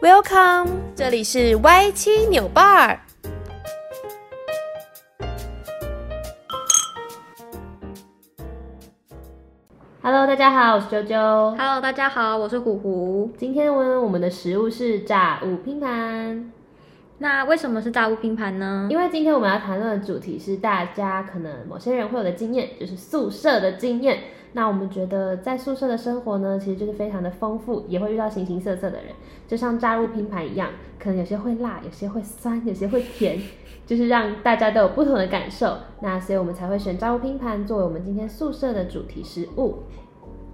Welcome，這裡是 Y 七扭伴兒。Hello，大家好，我是啾啾。Hello，大家好，我是虎虎。今天我們我們的食物是炸物拼盤。那為什麼是炸物拼盤呢？因為今天我們要談論的主題是大家可能某些人會有的經驗，就是宿舍的經驗。那我們覺得在宿舍的生活呢，其實就是非常的豐富，也會遇到形形色色的人，就像炸物拼盤一樣，可能有些會辣，有些會酸，有些會甜，就是讓大家都有不同的感受。那所以我們才會選炸物拼盤作為我們今天宿舍的主題食物。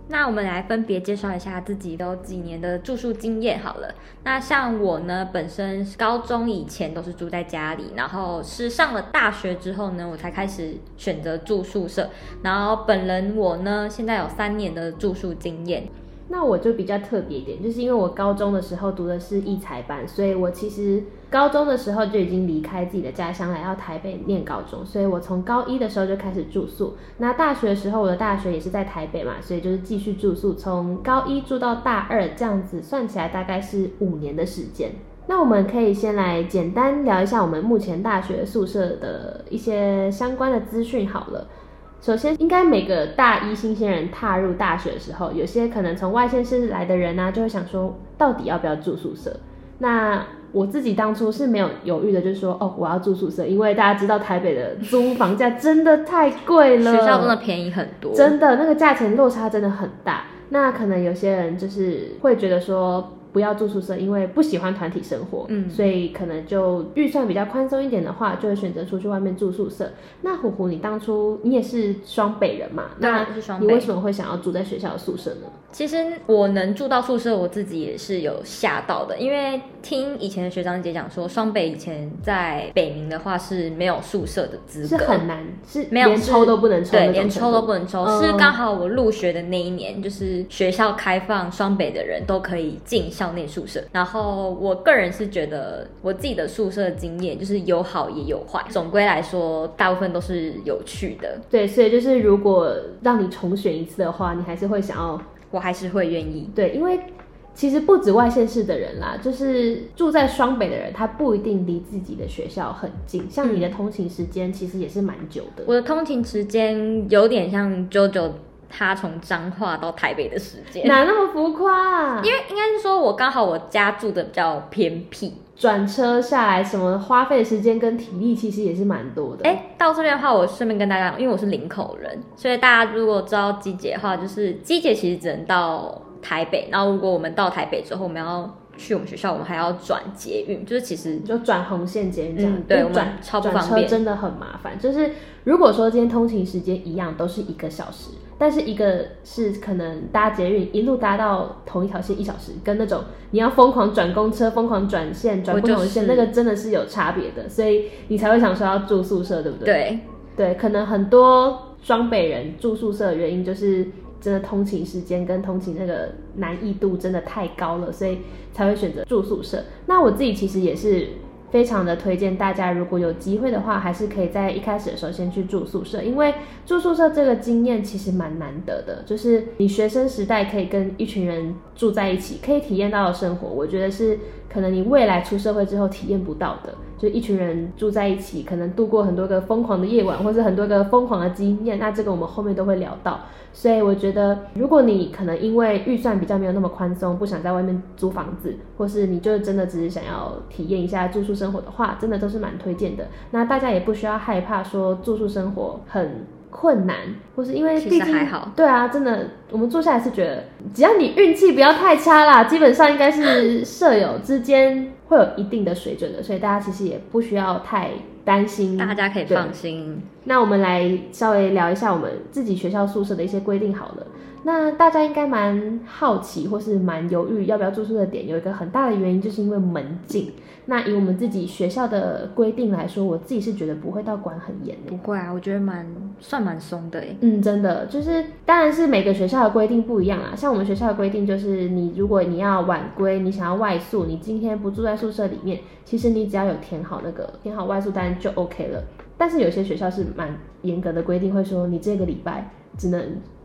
那我們來分別介紹一下自己都幾年的住宿經驗好了。那像我呢，本身高中以前都是住在家裡，然後是上了大學之後呢，我才開始選擇住宿舍。然後本人我呢，現在有三年的住宿經驗。那我就比較特別一點，就是因為我高中的時候讀的是藝才班，所以我其實高中的時候就已經離開自己的家鄉，來到台北念高中，所以我從高一的時候就開始住宿。那大學的時候，我的大學也是在台北嘛，所以就是繼續住宿，從高一住到大二，這樣子算起來大概是五年的時間。那我們可以先來簡單聊一下我們目前大學宿舍的一些相關的資訊，好了。首先，應該每個大一新鮮人踏入大學的時候，有些可能從外縣市來的人呢、啊，就會想說，到底要不要住宿舍？那我自己當初是沒有猶豫的，就是說，哦，我要住宿舍，因為大家知道台北的租房價真的太貴了，學校真的便宜很多，真的那個價錢落差真的很大。那可能有些人就是會覺得說，不要住宿舍，因為不喜歡團體生活，嗯、所以可能就預算比較寬鬆一點的話，就會選擇出去外面住宿舍。那虎虎，你當初你也是雙北人嘛？對那，你為什麼會想要住在學校的宿舍呢？其實我能住到宿舍，我自己也是有嚇到的，因為聽以前的學長姐講說，雙北以前在北寧的話是沒有宿舍的資格，是很難，是沒有連抽都不能抽，對、嗯，連抽都不能抽。是剛好我入學的那一年，就是學校開放雙北的人都可以進校。校內宿舍，然後我個人是覺得我自己的宿舍的經驗就是有好也有壞，總歸來說大部分都是有趣的。對，所以就是如果讓你重選一次的話，你還是會想要，我還是會願意。對，因為其實不止外縣市的人啦，就是住在雙北的人，他不一定離自己的學校很近，像你的通勤時間其實也是蠻久的。嗯，我的通勤時間有點像 JoJo。他從彰化到台北的時間哪那麼浮誇、啊？因為應該是說我剛好我家住的比較偏僻，轉車下來什麼花費時間跟體力其實也是蠻多的。哎、欸，到這邊的話，我順便跟大家講，因為我是林口人，所以大家如果知道季節的話，就是季節其實只能到台北。然後如果我們到台北之後，我們要去我們學校，我們還要轉捷運，就是其實就轉紅線捷運這樣，嗯、對，我們超不方便。轉車真的很麻煩。就是如果說今天通勤時間一樣，都是一個小時。但是一個是可能搭捷運一路搭到同一條線一小時，跟那種你要瘋狂轉公車、瘋狂轉線、轉不同線，就是、那個真的是有差別的，所以你才會想說要住宿舍，對不對？對對，可能很多雙北人住宿舍的原因就是真的通勤時間跟通勤那個難易度真的太高了，所以才會選擇住宿舍。那我自己其實也是。非常的推薦大家，如果有機會的話，還是可以在一開始的時候先去住宿舍，因為住宿舍這個經驗其實蠻難得的，就是你學生時代可以跟一群人住在一起，可以體驗到的生活，我覺得是。可能你未來出社會之後體驗不到的，就是一群人住在一起，可能度過很多個瘋狂的夜晚，或是很多個瘋狂的經驗。那這個我們後面都會聊到，所以我覺得，如果你可能因為預算比較沒有那麼寬鬆，不想在外面租房子，或是你就真的只是想要體驗一下住宿生活的話，真的都是蠻推薦的。那大家也不需要害怕說住宿生活很。困難，或是因為畢竟，其實還好。對啊，真的，我們坐下來是覺得，只要你運氣不要太差啦，基本上應該是舍友之間會有一定的水準的， 所以大家其實也不需要太擔心。大家可以放心。那我們來稍微聊一下我們自己學校宿舍的一些規定，好了。那大家應該蠻好奇，或是蠻猶豫要不要住宿的點，有一個很大的原因就是因為門禁。那以我們自己學校的規定來說，我自己是覺得不會到管很嚴的。不會啊，我覺得蠻算蠻鬆的哎。嗯，真的就是，當然是每個學校的規定不一樣啦。像我們學校的規定就是，你如果你要晚歸，你想要外宿，你今天不住在宿舍裡面，其實你只要有填好那個填好外宿單就 OK 了。但是有些學校是蠻嚴格的規定，會說你這個禮拜只能。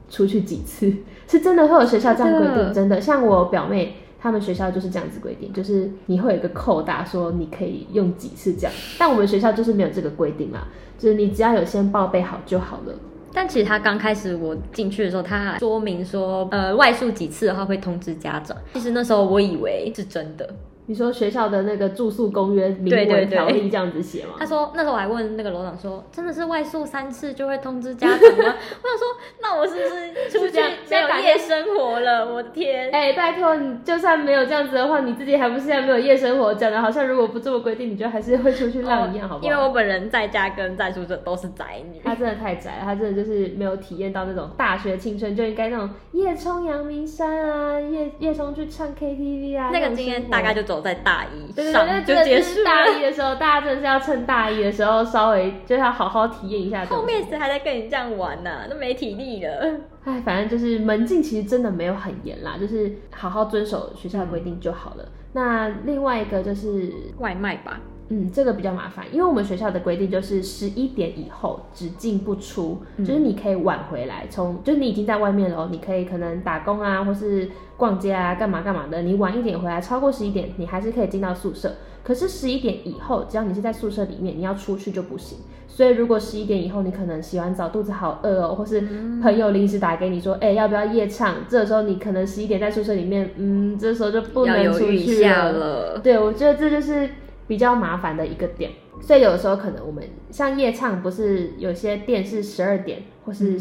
出去幾次是真的會有學校這樣規定，真的，真的像我表妹他們學校就是這樣子規定，就是你會有一個扣打，說你可以用幾次這樣。但我們學校就是沒有這個規定啦，就是你只要有先報備好就好了。但其實他剛開始我進去的時候，他還說明說，呃，外宿幾次的話會通知家長。其實那時候我以為是真的。你說學校的那個住宿公約、明文條例，這樣子寫嗎？對對對。他說，那時候我還問那個樓長說，真的是外宿三次就會通知家長嗎？ 我想說，那我是不是出去沒有夜生活了？ 我天！哎、欸，拜託，你就算沒有這樣子的話，你自己還不是現在沒有夜生活這樣？講的好像如果不這麼規定，你就還是會出去浪一樣，嗯、好不好？因為我本人在家跟在宿舍都是宅女，他真的太宅，了，他真的就是沒有體驗到那種大學青春就應該那種夜衝陽明山啊，夜夜衝去唱 K T V 啊，那，那個經驗大概就走。在大一，對,對對，就結束。大一的時候，大家真的是要趁大一的時候，稍微就要好好體驗一下。後面誰還在跟你這樣玩呢、啊？都沒體力了。哎，反正就是門禁其實真的沒有很嚴啦，就是好好遵守學校的規定就好了。嗯、那另外一個就是外賣吧。嗯，這個比較麻煩，因為我們學校的規定就是十一點以後只進不出，嗯、就是你可以晚回來，從就你已經在外面了，你可以可能打工啊，或是逛街啊，幹嘛幹嘛的，你晚一點回來超過十一點，你還是可以進到宿舍。可是十一點以後，只要你是在宿舍裡面，你要出去就不行。所以如果十一點以後你可能洗完澡肚子好餓哦、喔，或是朋友臨時打給你說，哎、嗯，欸，要不要夜唱？這時候你可能十一點在宿舍裡面，嗯，這時候就不能出去了。了對，我覺得這就是。比較麻煩的一個點，所以有的時候可能我們像夜唱，不是有些店是十二點或是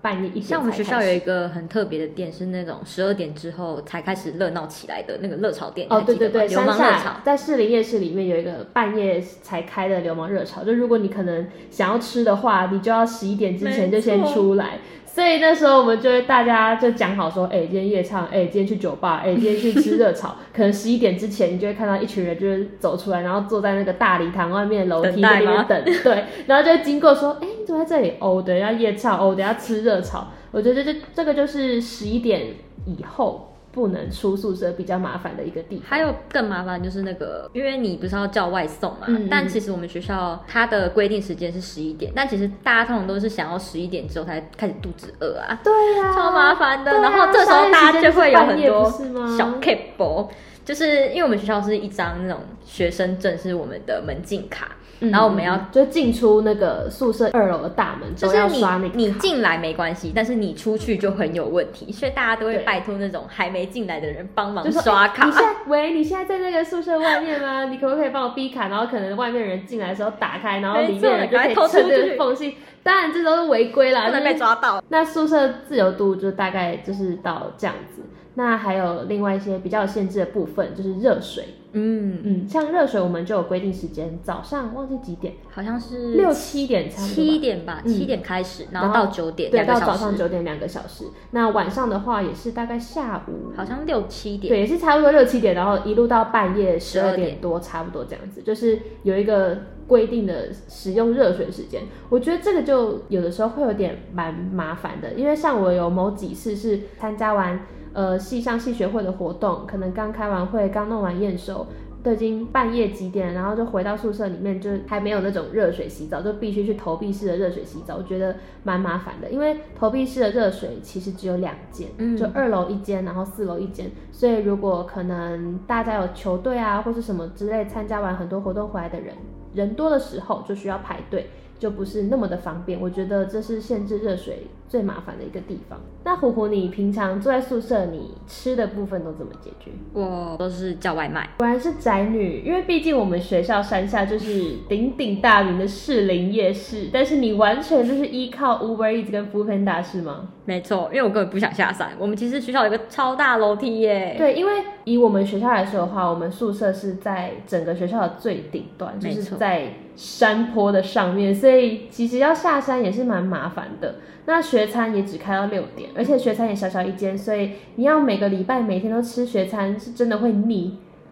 半夜一點才開始，嗯、像我們學校有一個很特別的店，是那種十二點之後才開始熱鬧起來的那個熱炒店。哦，對對對，流氓熱炒，在士林夜市裡面有一個半夜才開的流氓熱炒，就如果你可能想要吃的話，你就要十一點之前就先出來。所以那時候我們就會大家就講好說，誒、欸、今天夜唱，誒、欸、今天去酒吧，誒、欸、今天去吃熱炒， 可能十一點之前你就會看到一群人就是走出來，然後坐在那個大禮堂外面樓梯那邊等，等對，然後就經過說，哎、欸，你怎麼在這裡哦，我等一下夜唱哦，我等一下吃熱炒，我覺得就這個就是十一點以後。不能出宿舍比較麻煩的一個地方，還有更麻煩就是那個，因為你不是要叫外送嘛，嗯嗯，但其實我們學校它的規定時間是十一點，但其實大家通常都是想要十一點之後才開始肚子餓啊，對呀，啊，超麻煩的，啊、然後這時候大家就會有很多小撇步。就是因為我們學校是一張那種學生證，是我們的門禁卡，嗯、然後我們要就進出那個宿舍二樓的大門，就是要刷那個。你進來沒關係，但是你出去就很有問題，所以大家都會拜託那種還沒進來的人幫忙刷卡。欸、你現在餵，你現在在那個宿舍外面嗎？你可不可以幫我逼卡？然後可能外面人進來的時候打開，然後裡面就可以出錯偷出去。當然這都是違規啦，會被抓到。那宿舍自由度就大概就是到這樣子。那還有另外一些比較限制的部分，就是熱水。嗯嗯，像熱水我們就有規定時間，早上忘記幾點，好像是六七點差不多，七點吧，嗯，七點開始，然後到九點，對，到早上九點兩個小時。那晚上的話也是大概下午，好像六七點，對，也是差不多六七點，然後一路到半夜十二點多，差不多這樣子，就是有一個規定的使用熱水時間。我覺得這個就有的時候會有點蠻麻煩的，因為像我有某幾次是參加完。呃，系上系學會的活動，可能剛開完會，剛弄完驗收，都已經半夜幾點，然後就回到宿舍裡面，就還沒有那種熱水洗澡，就必須去投幣式的熱水洗澡，我覺得蠻麻煩的。因為投幣式的熱水其實只有兩間，就二樓一間，然後四樓一間，所以如果可能大家有球隊啊或是什麼之類參加完很多活動回來的人人多的時候，就需要排隊，就不是那麼的方便。我覺得這是限制熱水最麻煩的一個地方。那虎虎，你平常住在宿舍，你吃的部分都怎麼解決？我都是叫外賣。果然是宅女，因為畢竟我們學校山下就是鼎鼎大名的士林夜市， 但是你完全就是依靠 Uber Eats 跟 Foodpanda 是嗎？沒錯，因為我根本不想下山。我們其實學校有一個超大樓梯耶。對，因為以我們學校來說的話，我們宿舍是在整個學校的最頂端，就是在山坡的上面，錯所以其實要下山也是蠻麻煩的。那學餐也只開到六點，而且學餐也小小一間，所以你要每個禮拜每天都吃學餐，是真的會膩。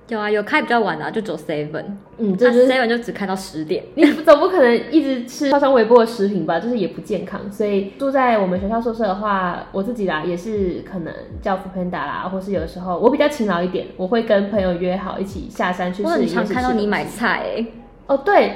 有啊，有開比較晚的、啊，就走 seven。嗯，就是、seven 就只開到十點。你總不可能一直吃超商微波的食品吧？就是也不健康。所以住在我們學校宿舍的話，我自己啦也是可能叫 foodpanda 啦，或是有的時候我比較勤勞一點，我會跟朋友約好一起下山去吃。我很常看到你買菜哦、欸，oh, 對。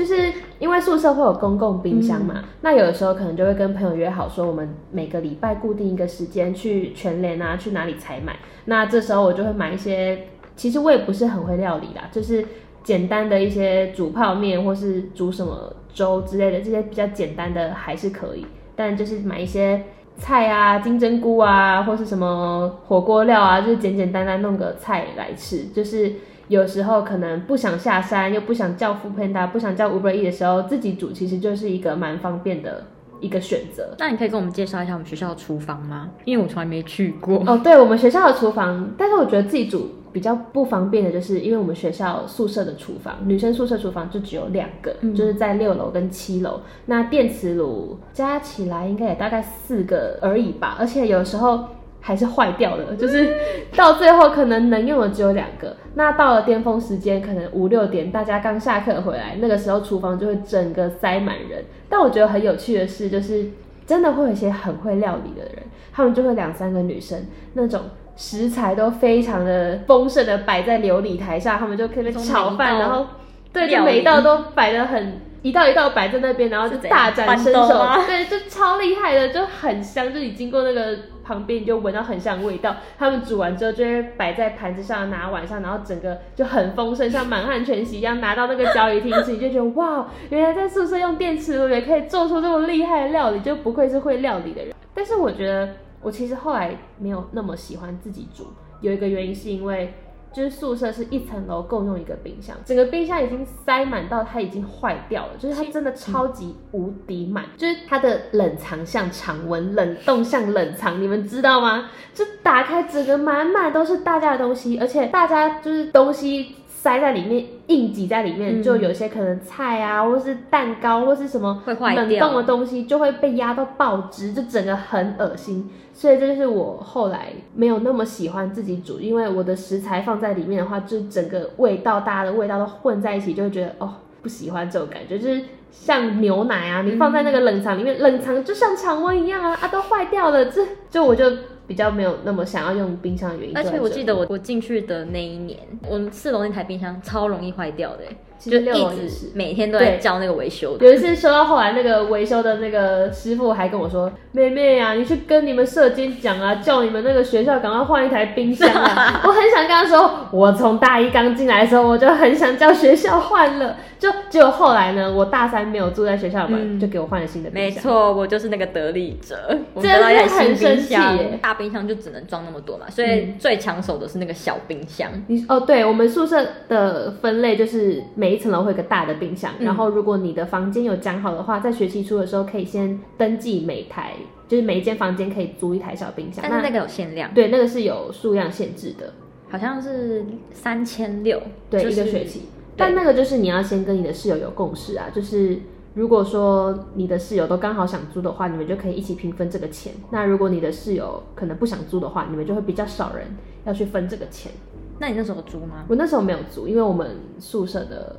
就是因為宿舍會有公共冰箱嘛，嗯、那有的時候可能就會跟朋友約好說，我們每個禮拜固定一個時間去全聯啊，去哪裡採買。那這時候我就會買一些，其實我也不是很會料理啦，就是簡單的一些煮泡麵或是煮什麼粥之類的，這些比較簡單的還是可以。但就是買一些菜啊，金針菇啊，或是什麼火鍋料啊，就是簡簡單單弄個菜來吃，就是。有時候可能不想下山，又不想叫 foodpanda，不想叫 Uber Eats 的時候，自己煮其實就是一個蠻方便的一個選擇。那你可以跟我們介紹一下我們學校的廚房嗎？因為我從來沒去過。哦，對，我們學校的廚房，但是我覺得自己煮比較不方便的就是，因為我們學校宿舍的廚房，女生宿舍廚房就只有兩個，嗯、就是在六樓跟七樓。那電磁爐加起來應該也大概四個而已吧，而且有時候。還是壞掉了，就是到最後可能能用的只有兩個。那到了巔峰時間，可能五六點大家剛下課回來，那個時候廚房就會整個塞滿人。但我覺得很有趣的是，就是真的會有一些很會料理的人，他們就會兩三個女生，那種食材都非常的豐盛的擺在流理台上，他們就在那邊炒飯，然後對，就每一道都擺得很，一道一道擺在那邊，然後就大展身手，對，就超厲害的，就很香，就是經過那個。旁邊你就聞到很香的味道，他們煮完之後就會擺在盤子上拿，拿碗上，然後整個就很豐盛，像滿漢全席一樣。拿到那個交誼廳時，你就覺得哇，原來在宿舍用電磁爐也可以做出這麼厲害的料理，就不愧是會料理的人。但是我覺得我其實後來沒有那麼喜歡自己煮，有一個原因是因為。就是宿舍是一層樓共用一個冰箱，整個冰箱已經塞滿到它已經壞掉了，就是它真的超級無敵滿，清清就是它的冷藏像常溫，冷凍像冷藏，你們知道嗎？就打開整個滿滿都是大家的東西，而且大家就是東西塞在裡面。硬擠在裡面，就有些可能菜啊，嗯、或是蛋糕，或是什麼冷凍的東西，就會被壓到爆汁，就整個很惡心。所以這就是我後來沒有那麼喜歡自己煮，因為我的食材放在裡面的話，就整個味道，大家的味道都混在一起，就會覺得哦，不喜歡這種感覺，就是像牛奶啊，你放在那個冷藏裡面，嗯、冷藏就像常溫一樣啊，啊都壞掉了，這就我就。比較沒有那麼想要用冰箱的原因。而且我記得我我進去的那一年，我們四樓那台冰箱超容易壞掉的。就一直是對每天都在叫那個維修的。嗯、有一次說到後來，那個維修的那個師傅還跟我說：“嗯、妹妹呀、啊，你去跟你們舍監講啊，叫你們那個學校趕快換一台冰箱啊！” 我很想跟他說：“我從大一剛進來的時候，我就很想叫學校換了，就就後來呢，我大三沒有住在學校嘛，就給我換了新的冰箱。嗯”沒錯，我就是那個得利者，真的很生氣。大冰箱就只能裝那麼多嘛，所以最搶手的是那個小冰箱。嗯、你哦，對我們宿舍的分類就是每。每一層樓會有一個大的冰箱，然後如果你的房間有講好的話，嗯、在學期初的時候可以先登記每台，就是每一間房間可以租一台小冰箱。但是那個有限量。對，那個是有數量限制的，好像是三千六，對，就是、一個學期。對但那個就是你要先跟你的室友有共識啊，就是如果說你的室友都剛好想租的話，你們就可以一起平分這個錢。那如果你的室友可能不想租的話，你們就會比較少人要去分這個錢。那你那時候租嗎？我那時候沒有租，因為我們宿舍的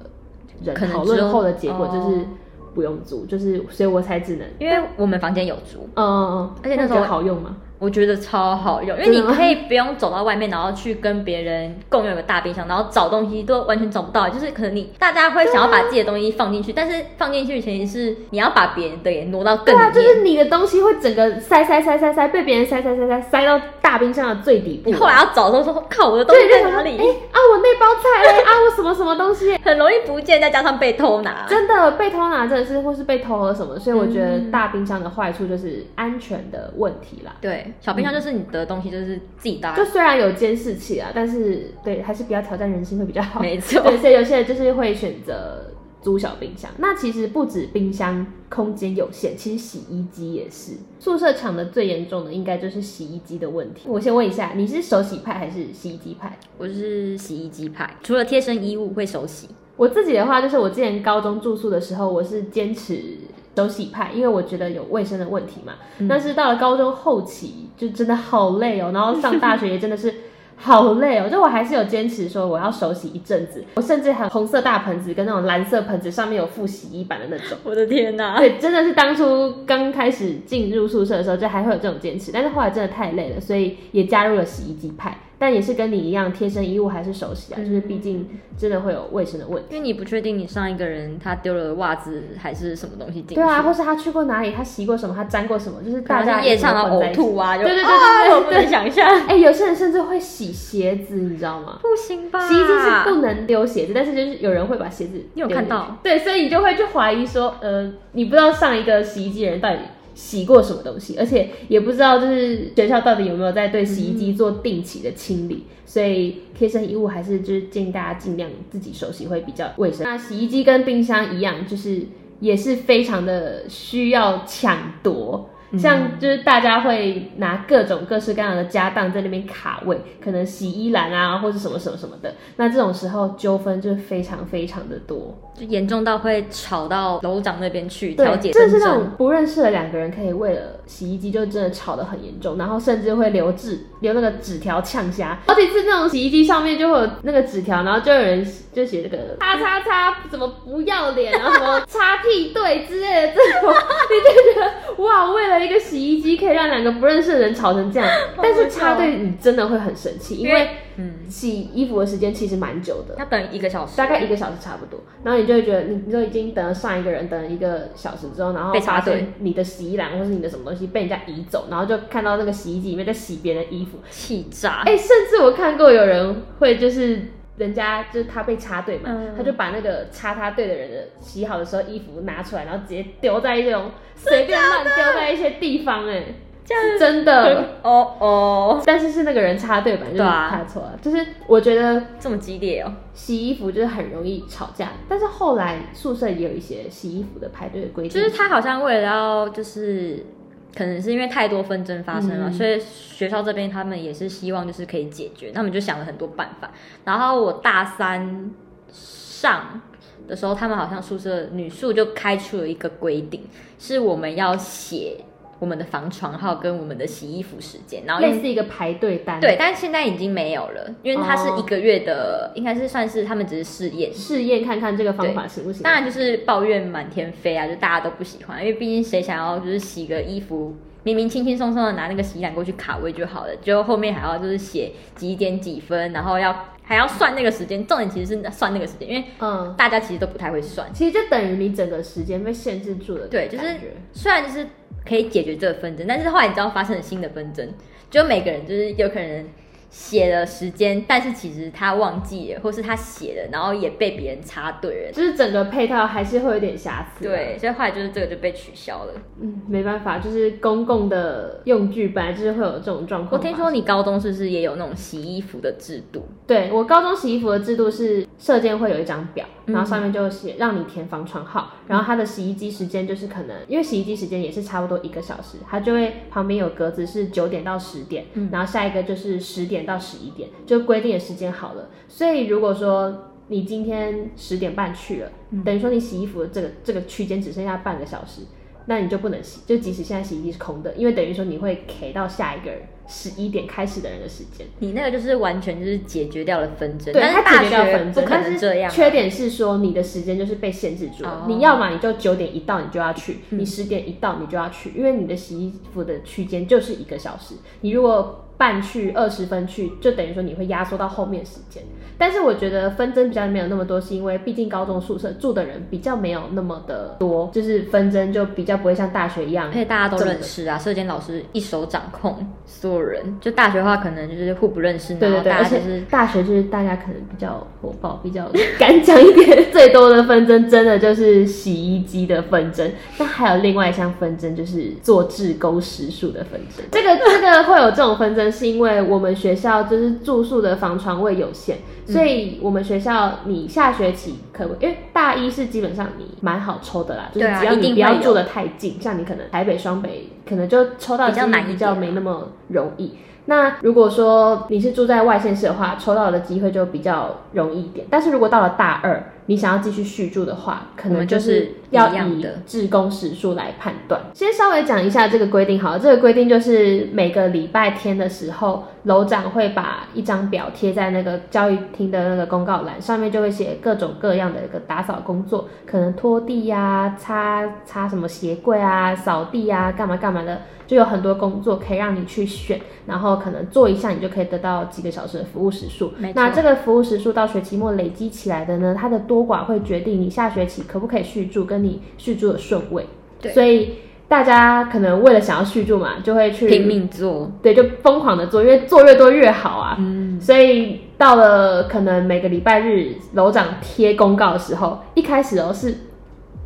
人討論後的結果就是，就是不用租，就是所以我才只能。因為我們房間有租。嗯嗯嗯，嗯嗯嗯，而且那時候那好用嗎？我覺得超好用，因為你可以不用走到外面，然後去跟別人共用一個大冰箱，然後找東西都完全找不到。就是可能你大家會想要把自己的東西放進去，啊、但是放進去的前提是你要把別人的也挪到更。對啊，就是你的東西會整個塞塞塞塞塞，被別人塞塞塞塞塞，塞到大冰箱的最底部，嗯、後來要找的時候說靠，我的東西在哪裡？哎、欸，啊我那包菜，咧， 啊，我什麼什麼東西，很容易不見，再加上被偷拿。真的被偷拿，真的是或是被偷了什麼，所以我覺得大冰箱的壞處就是安全的問題啦。嗯、對。小冰箱就是你的東西，就是自己搭。就雖然有監視器啊，但是對，還是比較挑戰人心會比較好。沒錯，有些有些人就是會選擇租小冰箱。那其實不止冰箱空間有限，其實洗衣機也是。宿舍搶的最嚴重的應該就是洗衣機的問題。我先問一下，你是手洗派還是洗衣機派？我就是洗衣機派，除了貼身衣物會手洗。我自己的話，就是我之前高中住宿的時候，我是堅持。手洗派，因為我覺得有衛生的問題嘛。嗯、但是到了高中後期就真的好累哦、喔，然後上大學也真的是好累哦、喔。 就我還是有堅持說我要手洗一陣子，我甚至還有紅色大盆子跟那種藍色盆子上面有附洗衣板的那種。我的天吶、啊，對，真的是當初剛開始進入宿舍的時候就還會有這種堅持，但是後來真的太累了，所以也加入了洗衣機派。但也是跟你一樣，貼身衣物還是手洗啊？就是畢竟真的會有衛生的問題。因為你不確定你上一個人他丟了襪子還是什麼東西進去。對啊，或是他去過哪裡，他洗過什麼，他沾過什麼，就是大家夜場的嘔吐啊，就對對對對對，我能想一下。哎、欸，有些人甚至會洗鞋子，你知道嗎？不行吧？洗衣機是不能丟鞋子，但是就是有人會把鞋子。你有看到？對，所以你就會去懷疑說，呃，你不知道上一個洗衣機的人到底。洗過什麼東西，而且也不知道就是學校到底有沒有在對洗衣機做定期的清理，嗯、所以貼身衣物還是就是建議大家盡量自己手洗，會比較衛生。那洗衣機跟冰箱一樣，就是也是非常的需要搶奪。像就是大家會拿各種各式各樣的家當在那邊卡位，可能洗衣籃啊或是什麼什麼什麼的，那這種時候糾紛就非常非常的多，就嚴重到會吵到樓長那邊去調解。這是那種不認識的兩個人可以為了洗衣機就真的吵得很嚴重，然後甚至會留字留那個紙條嗆瞎，好幾次那種洗衣機上面就會有那個紙條，然後就有人就寫這個擦擦擦，怎麼不要臉啊什麼擦屁對之類的這種，你就覺得哇為了。一個洗衣機可以讓兩個不認識的人吵成這樣，但是插隊你真的會很生氣，因為洗衣服的時間其實蠻久的，要等一個小時，嗯、大概一個小時差不多。嗯、然後你就會覺得，你你就已經等了上一個人等了一個小時之後，然後被插隊，你的洗衣籃或者是你的什麼東西被人家移走，然後就看到那個洗衣機裡面在洗別人的衣服，氣炸！哎、欸，甚至我看過有人會就是。人家就是他被插隊嘛，哎、呦他就把那個插他隊的人的洗好的時候衣服拿出來，然後直接丢在這種隨便亂丟在一些地方、欸，哎，是真的哦哦。哦但是是那個人插隊吧，就是插錯了。啊、就是我覺得這麼激烈哦，洗衣服就是很容易吵架。但是後來宿舍也有一些洗衣服的排隊的規定。就是他好像為了要就是。可能是因為太多紛爭發生了，嗯，所以學校這邊他們也是希望就是可以解決，他們就想了很多辦法。然後我大三上的時候，他們好像宿舍女宿就開出了一個規定，是我們要寫。我們的房床號跟我們的洗衣服時間，然後類似一個排隊單。對，但是現在已經沒有了，因為它是一個月的，哦、應該是算是他們只是試驗，試驗看看這個方法行不行。當然就是抱怨滿天飛啊，就大家都不喜歡，因為畢竟誰想要就是洗個衣服，明明輕輕鬆鬆的拿那個洗衣籃過去卡位就好了，就後面還要就是寫幾點幾分，然後要還要算那個時間，重點其實是算那個時間，因為嗯，大家其實都不太會算，嗯、其實就等於你整個時間被限制住了。對，就是雖然就是。可以解決這個紛爭，但是後來你知道發生了新的紛爭，就每個人就是有可能，寫了時間，但是其實他忘記了，或是他寫了，然後也被別人插隊了，就是整個配套還是會有點瑕疵啊。對，所以後來就是這個就被取消了。嗯，沒辦法，就是公共的用具本來就是會有這種狀況。我聽說你高中是不是也有那種洗衣服的制度？對，我高中洗衣服的制度是，舍監會有一張表，嗯，然後上面就寫讓你填房床號，嗯，然後它的洗衣機時間就是可能因為洗衣機時間也是差不多一個小時，它就會旁邊有格子是九點到十點，嗯，然後下一個就是十點。到十一點就規定的時間好了，所以如果說你今天十點半去了，嗯、等於說你洗衣服的這個這個區間只剩下半個小時，那你就不能洗，就即使現在洗衣機是空的，嗯、因為等於說你會卡到下一個人十一點開始的人的時間。你那個就是完全就是解決掉了紛爭，對，它解決掉紛爭，不可能是這樣。缺點是說你的時間就是被限制住了，哦、你要麼你就九點一到你就要去，嗯、你十點一到你就要去，因為你的洗衣服的區間就是一個小時，嗯、你如果，半去二十分去，就等於說你會壓縮到後面時間。但是我覺得紛爭比較沒有那麼多，是因為畢竟高中宿舍住的人比較沒有那麼的多，就是紛爭就比較不會像大學一樣，因為大家都認識啊，人舍監老師一手掌控所有人。就大學的話，可能就是互不認識，那種，大學、就是、大學就是大家可能比較火爆，比較敢講一點。 最多的紛爭真的就是洗衣機的紛爭， 但還有另外一項紛爭就是做志工時數的紛爭， 這個這個會有這種紛爭。是因為我們學校就是住宿的房床位有限，所以我們學校你下學期可，因為大一是基本上你蠻好抽的啦，就是只要你不要住得太近，像你可能台北、雙北可能就抽到比較難，比較沒那麼容易。那如果說你是住在外縣市的話，抽到的機會就比較容易一點。但是如果到了大二。你想要繼續續住的話，可能就是要以你的志工時數來判斷。先稍微講一下這個規定，好了，這個規定就是每個禮拜天的時候，樓長會把一張表貼在那個教育廳的那個公告欄上面，就會寫各種各樣的一個打掃工作，可能拖地呀、啊、擦擦什麼鞋櫃啊、掃地啊、幹嘛幹嘛的，就有很多工作可以讓你去選，然後可能做一下你就可以得到幾個小時的服務時數。沒錯。那這個服務時數到學期末累積起來的呢，它的多。不管會決定你下學期可不可以續住，跟你續住的順位。對所以大家可能為了想要續住嘛，就會去拼命做，對，就瘋狂的做，因為做越多越好啊。嗯，所以到了可能每個禮拜日樓長貼公告的時候，一開始哦是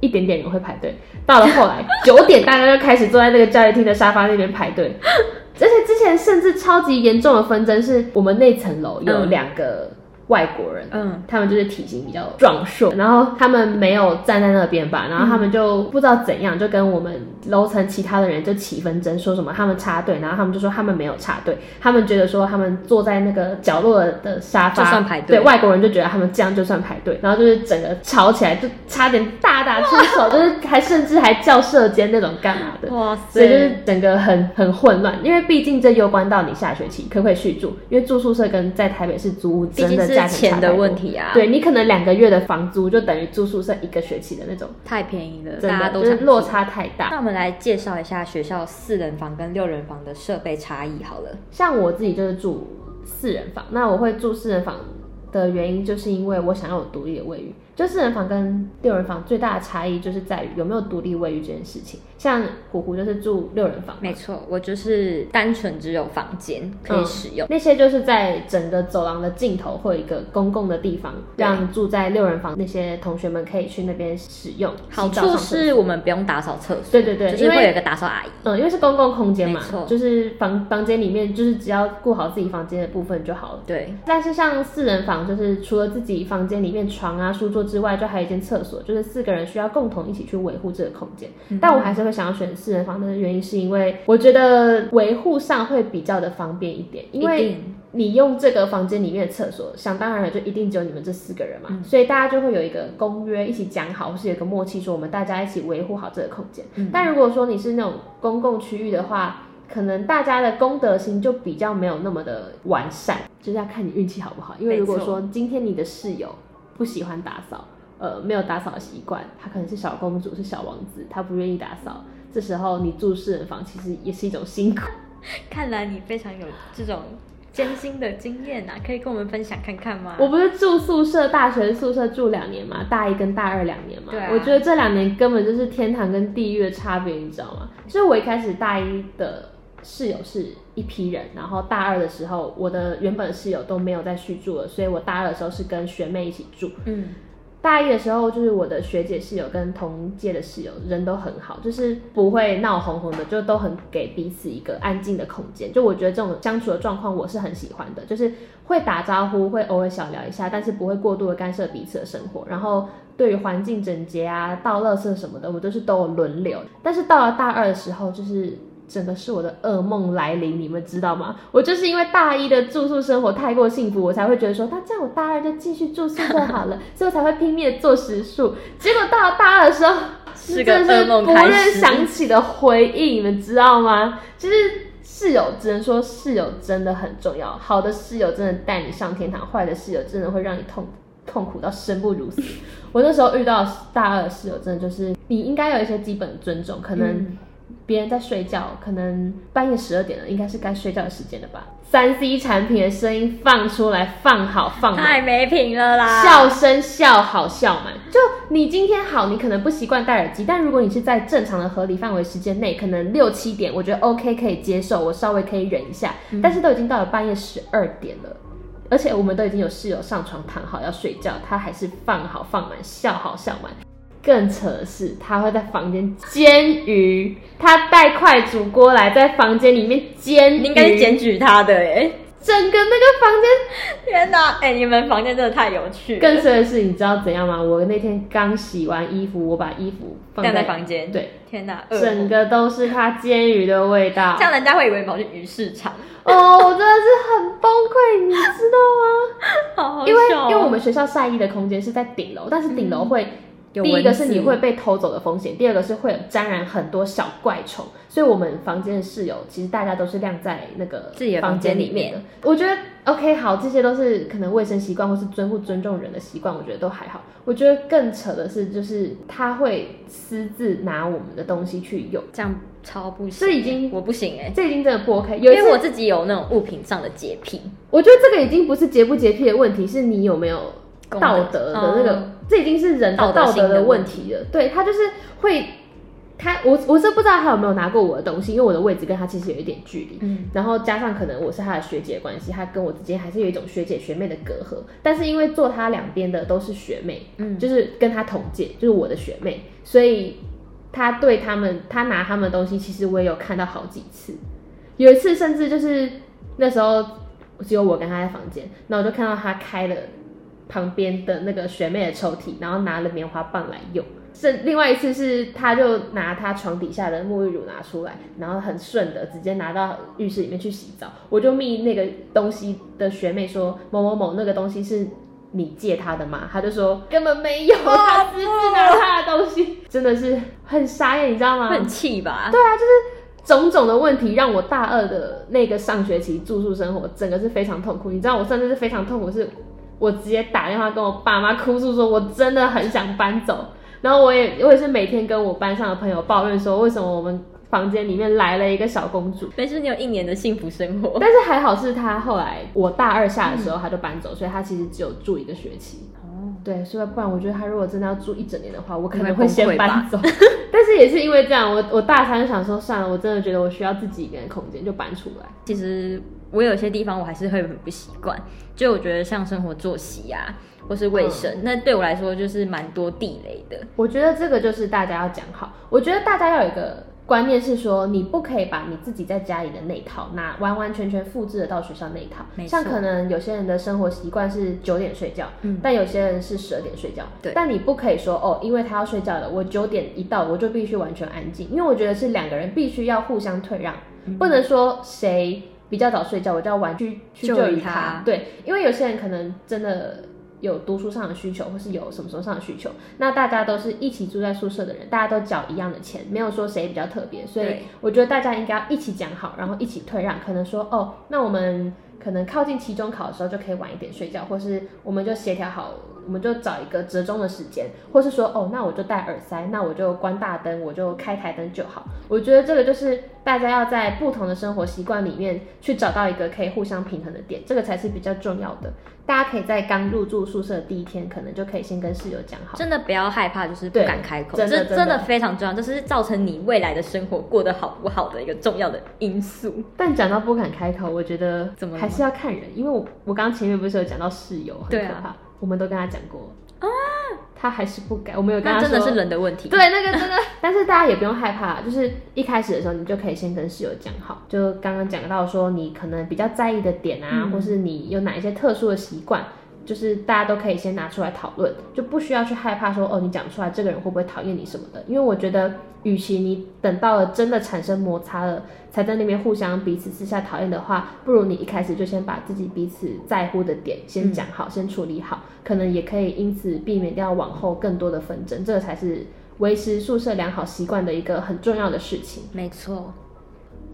一點點人會排隊，到了後來九點大家就開始坐在那個教育廳的沙發那邊排隊， 而且之前甚至超級嚴重的紛爭是我們那層樓有兩個。嗯外國人，嗯，他們就是體型比較壯碩，嗯、然後他們沒有站在那邊吧，然後他們就不知道怎樣，就跟我們樓層其他的人就起紛爭，說什麼他們插隊，然後他們就說他們沒有插隊，他們覺得說他們坐在那個角落的沙發就算排隊，對，外國人就覺得他們這樣就算排隊，然後就是整個吵起來，就差點大打出手，哇 就是還甚至還叫舍監那種幹嘛的，哇塞，所以就是整個很很混亂，因為畢竟這攸關到你下學期可不可以續住，因為住宿舍跟在台北市租屋真的。價錢的問題啊，對，你可能兩個月的房租就等於住宿舍一個學期的那種，太便宜了，真的大家都，落差太大。那我們來介紹一下學校四人房跟六人房的設備差異好了。像我自己就是住四人房，那我會住四人房的原因就是因為我想要有獨立的衛浴。就四人房跟六人房最大的差異就是在於有沒有獨立衛浴這件事情。像虎虎就是住六人房，沒錯，我就是單純只有房間可以使用。嗯，那些就是在整個走廊的盡頭或一個公共的地方，讓對住在六人房那些同學們可以去那邊使用洗。好處是我們不用打掃廁所，對對對，就是會有一個打掃阿姨。嗯，因為是公共空間嘛，沒錯就是房房間裡面就是只要顧好自己房間的部分就好了。對，但是像四人房就是除了自己房間裡面床啊書桌。之外，就還有一間廁所，就是四個人需要共同一起去維護這個空間。嗯、但我還是會想要選四人房的原因，是因為我覺得維護上會比較的方便一點，因為你用這個房間裡面的廁所，想當然了，就一定只有你們這四個人嘛，嗯、所以大家就會有一個公約，一起講好，或是有一個默契，說我們大家一起維護好這個空間。嗯、但如果說你是那種公共區域的話，可能大家的公德心就比較沒有那麼的完善，就是要看你運氣好不好。因為如果說今天你的室友。不喜歡打掃，呃，沒有打掃的習慣。她可能是小公主，是小王子，她不願意打掃。這時候你住四人房，其實也是一種辛苦。 看來你非常有這種艱辛的經驗啊，可以跟我們分享看看嗎？我不是住宿舍，大學宿舍住兩年嘛，大一跟大二兩年嘛。對啊。我覺得這兩年根本就是天堂跟地獄的差別，你知道嗎？所以我一開始大一的。室友是一批人，然後大二的時候，我的原本室友都沒有再續住了，所以我大二的時候是跟學妹一起住。嗯，大一的時候就是我的學姐室友跟同屆的室友，人都很好，就是不會鬧哄哄的，就都很給彼此一個安靜的空間。就我覺得這種相處的狀況我是很喜歡的，就是會打招呼，會偶爾小聊一下，但是不會過度的干涉彼此的生活。然後對於環境整潔啊、倒垃圾什麼的，我都是都有輪流。但是到了大二的時候，就是。真的是我的噩夢來臨，你們知道嗎？我就是因為大一的住宿生活太過幸福，我才會覺得說，那這樣我大二就繼續住宿就好了， 所以我才會拼命的做時數。結果到了大二的時候，是個噩夢開始。不忍想起的回憶，你們知道嗎？就是室友，只能說室友真的很重要。好的室友真的帶你上天堂，壞的室友真的會讓你痛痛苦到生不如死。 我那時候遇到的大二室友，真的就是你應該有一些基本尊重，可能、嗯。別人在睡覺，可能半夜十二點了，應該是該睡覺的時間了吧？三 C 產品的聲音放出來，放好放滿，太沒品了啦！笑聲笑好笑滿，就你今天好，你可能不習慣戴耳機，但如果你是在正常的合理範圍時間內，可能六七點，我覺得 OK 可以接受，我稍微可以忍一下。嗯、但是都已經到了半夜十二點了，而且我們都已經有室友上床躺好要睡覺，他還是放好放滿，笑好笑滿。更扯的是，他會在房間煎魚，他帶快煮鍋來在房間裡面煎魚。你應該是檢舉他的哎、欸，整個那個房間，天哪！哎、欸，你們房間真的太有趣。更扯的是，你知道怎樣嗎？我那天剛洗完衣服，我把衣服放在，在房間，對，天哪，整個都是他煎魚的味道，像人家會以為跑去魚市場。哦，我真的是很崩潰， 你知道嗎？好好笑因為因為我們學校曬衣的空間是在頂樓，但是頂樓會。第一個是你會被偷走的風險，第二個是會沾染很多小怪蟲，所以我們房間的室友其實大家都是晾在那個自己的房間裡面的。我覺得 OK 好，這些都是可能衛生習慣或是尊不尊重人的習慣，我覺得都還好。我覺得更扯的是，就是他會私自拿我們的東西去用，這樣超不行。這已經我不行誒，這已經真的不 OK，因為我自己有那種物品上的潔癖，我覺得這個已經不是潔不潔癖的問題，是你有沒有道德的那個。這已經是人道道德的問題了，題。對，他就是會，他我我是不知道他有沒有拿過我的東西，因為我的位置跟他其實有一點距離，嗯，然後加上可能我是他的學姐的關係，他跟我之間還是有一種學姐學妹的隔閡，但是因為坐他兩邊的都是學妹，嗯，就是跟他同屆，就是我的學妹，所以他對他們他拿他們的東西，其實我也有看到好幾次，有一次甚至就是那時候只有我跟他在房間，那我就看到他開了。旁邊的那個學妹的抽屜，然後拿了棉花棒來用，是另外一次是，她就拿她床底下的沐浴乳拿出來，然後很順的直接拿到浴室裡面去洗澡。我就密那個東西的學妹說，某某某那個東西是你借她的嗎？她就說根本沒有，她只是拿、啊、她的東西，真的是很傻眼，你知道嗎？很氣吧？對啊，就是種種的問題，讓我大二的那個上學期住宿生活，整個是非常痛苦。你知道我真是非常痛苦是。我直接打電話跟我爸媽哭訴，說我真的很想搬走。然後我也我也是每天跟我班上的朋友抱怨說，為什麼我們房間裡面來了一個小公主？但是你有一年的幸福生活。但是還好是她後來我大二下的時候她就搬走，所以她其實只有住一個學期。對，所以不然我覺得他如果真的要住一整年的話，我可能會先搬走。 但是也是因為這樣，我我大三想說算了，我真的覺得我需要自己一個人的空間，就搬出來。其實我有些地方我還是會很不習慣，就我覺得像生活作息呀、啊，或是衛生，那、嗯、對我來說就是蠻多地雷的。我覺得這個就是大家要講好，我覺得大家要有一個。觀念是說，你不可以把你自己在家裡的那一套拿完完全全複製的到學校那一套。沒錯。像可能有些人的生活習慣是九點睡覺，嗯，但有些人是十二點睡覺。對，但你不可以說哦，因為他要睡覺了，我九點一到我就必須完全安靜，因為我覺得是兩個人必須要互相退讓，嗯、不能說誰比較早睡覺，我就要完去去救於他。對，因為有些人可能真的。有讀書上的需求，或是有什麼時候上的需求，那大家都是一起住在宿舍的人，大家都繳一樣的錢，沒有說誰比較特別，所以我覺得大家應該要一起講好，然後一起退讓，可能說哦，那我們。可能靠近期中考的時候就可以晚一點睡覺，或是我們就協調好，我們就找一個折中的時間，或是說哦，那我就戴耳塞，那我就關大燈，我就開台燈就好。我覺得這個就是大家要在不同的生活習慣裡面去找到一個可以互相平衡的點，這個才是比較重要的。大家可以在剛入住宿舍的第一天，可能就可以先跟室友講好，真的不要害怕，就是不敢開口，這對真,真,真的非常重要，這，就是造成你未來的生活過得好不好的一個重要的因素。 但講到不敢開口，我覺得還是怎麼？是要看人，因為我我剛剛前面不是有講到室友很可怕，啊、我們都跟他講過啊，他還是不改，我們有跟他說，真的是人的問題，對那個真的， 但是大家也不用害怕，就是一開始的時候，你就可以先跟室友講好，就剛剛講到說你可能比較在意的點啊，嗯、或是你有哪一些特殊的習慣。就是大家都可以先拿出來討論，就不需要去害怕說，哦，你講出來這個人會不會討厭你什麼的。因為我覺得，與其你等到了真的產生摩擦了，才在那邊互相彼此私下討厭的話，不如你一開始就先把自己彼此在乎的點先講好，先處理好，嗯、可能也可以因此避免掉往後更多的紛爭。這個才是維持宿舍良好習慣的一個很重要的事情。沒錯。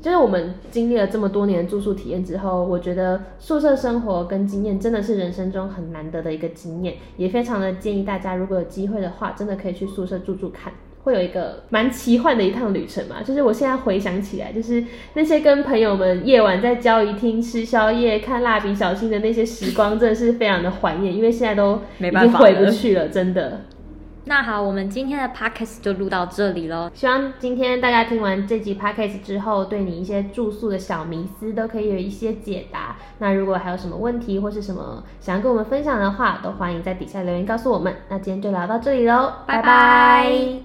就是我們經歷了這麼多年的住宿體驗之後，我覺得宿舍生活跟經驗真的是人生中很難得的一個經驗，也非常的建議大家，如果有機會的話，真的可以去宿舍住住看，會有一個蠻奇幻的一趟旅程嘛。就是我現在回想起來，就是那些跟朋友們夜晚在交誼廳吃宵夜、看蠟筆小新的那些時光，的真的是非常的懷念，因為現在都沒辦法回不去了，真的。那好，我們今天的 Podcast 就錄到這裡嘍。希望今天大家聽完這集 Podcast 之後，對你一些住宿的小迷思都可以有一些解答。那如果還有什麼問題或是什麼想要跟我們分享的話，都歡迎在底下留言告訴我們。那今天就聊到這裡嘍，拜拜。拜拜。